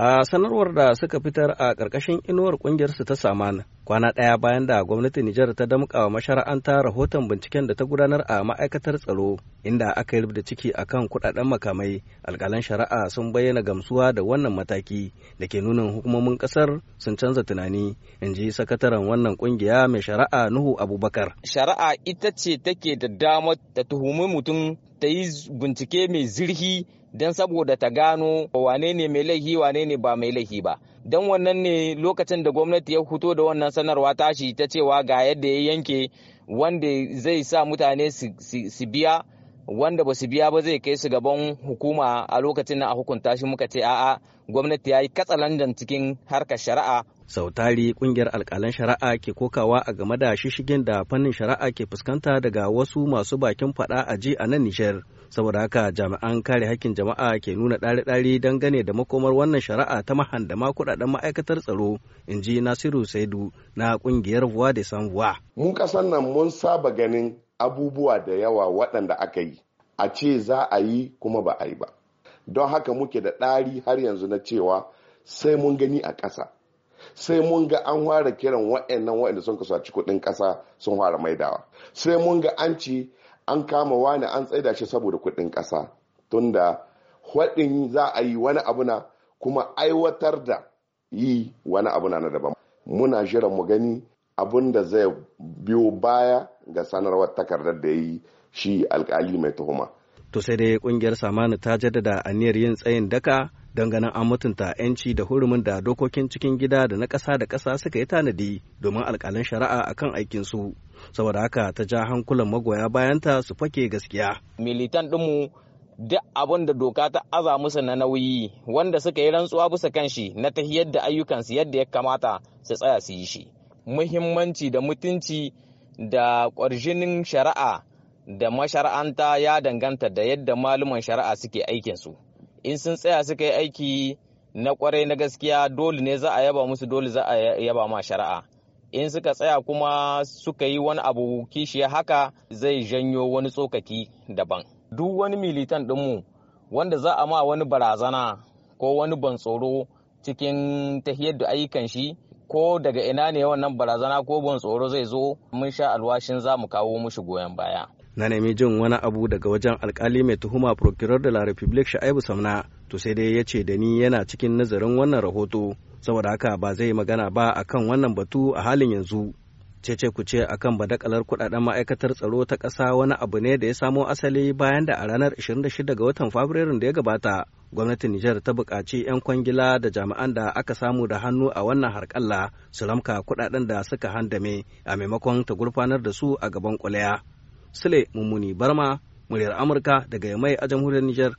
a sanarwar da suka fitar a ƙarƙashin inuwar ƙungiyarsu ta saman kwana ɗaya bayan da gwamnatin Nijar ta damƙa wa mashara'anta rahoton binciken da ta gudanar a ma'aikatar tsaro inda aka yi da ciki a kan kuɗaɗen makamai alƙalan shari'a sun bayyana gamsuwa da wannan mataki da ke nunin hukumomin ƙasar sun canza tunani in ji sakataren wannan ƙungiya mai shari'a Nuhu Abubakar. Shari'a ita ce take da damar ta tuhumi mutum ta yi bincike mai zirhi don saboda ta gano wane ne mai laihi wane ne ba mai laifi ba. don wannan ne lokacin da gwamnati ya fito da wannan sanarwa tashi ta cewa ga yadda ya yanke wanda zai sa mutane su biya wanda ba su biya ba zai kai su gaban hukuma a lokacin na a hukunta shi muka ce a'a gwamnati ya yi katsalandan cikin harkar shari'a sau tari kungiyar alkalan shari'a ke kokawa a game da shishigin da fannin shari'a ke fuskanta daga wasu masu bakin fada a ji a nan nijar saboda haka jami'an kare hakkin jama'a ke nuna ɗari-ɗari dangane da makomar wannan shari'a ta mahandama kuɗaɗen ma'aikatar tsaro in ji nasiru saidu na ƙungiyar vuwa da san vuwa. Mun ƙasar nan mun saba ganin abubuwa da yawa waɗanda aka yi a ce za a yi kuma ba a yi ba don haka muke da ɗari har yanzu na cewa sai mun gani a ƙasa sai mun ga an fara kiran wa'annan wa'anda sun kasu kuɗin ƙasa sun fara maidawa sai mun ga an ci an kama wani an tsaida shi saboda kuɗin ƙasa tunda hwaɗin za a yi wani abuna kuma aiwatar da yi wani abuna na daban muna jiran mu gani abun da zai biyo baya ga sanarwar takardar da ya yi shi alkali mai tuhuma to sai dai kungiyar samani ta jaddada aniyar yin tsayin daka don ganin an mutunta 'yanci da hurumin da dokokin cikin gida da na ƙasa da ƙasa suka yi tanadi domin alƙalan shari'a akan aikinsu saboda haka ta ja hankulan magoya bayanta su fake gaskiya militan ɗinmu duk abin da doka ta aza musu na nauyi wanda suka yi rantsuwa bisa kan shi na tahiyar yadda ayyukansu yadda ya kamata su tsaya su yi shi muhimmanci da mutunci da ƙwarjinin shari'a da mashara'anta ya danganta da yadda maluman shari'a suke aikinsu in sun tsaya suka yi aiki na kwarai na gaskiya dole ne za a yaba musu dole za a yaba ma shari'a in suka tsaya kuma suka yi wani abu kishiya haka zai janyo wani tsokaki daban duk wani militan ɗinmu wanda za a ma wani barazana ko wani ban tsoro cikin tahiyar da ayyukan shi ko daga ina ne wannan barazana ko ban tsoro zai zo mun sha alwashin za mu kawo mushi goyon baya na nemi jin wani abu daga wajen alkali mai tuhuma procurer de la republique sha'ibu samna to sai dai ya ce da ni yana cikin nazarin wannan rahoto saboda haka ba zai magana ba akan wannan batu a halin yanzu cece ku ce akan badakalar kudaden ma'aikatar tsaro ta ƙasa wani abu ne da ya samo asali bayan da a ranar 26 ga watan fabrairun da ya gabata gwamnatin Nijar ta buƙaci 'yan kwangila da jami'an da aka samu da hannu a wannan harƙalla su ramka kuɗaɗen da suka handame a maimakon ta gurfanar da su a gaban kwalaya. Sule Mummuni Barma, muryar Amurka daga Yamai a jamhuriyar Nijar.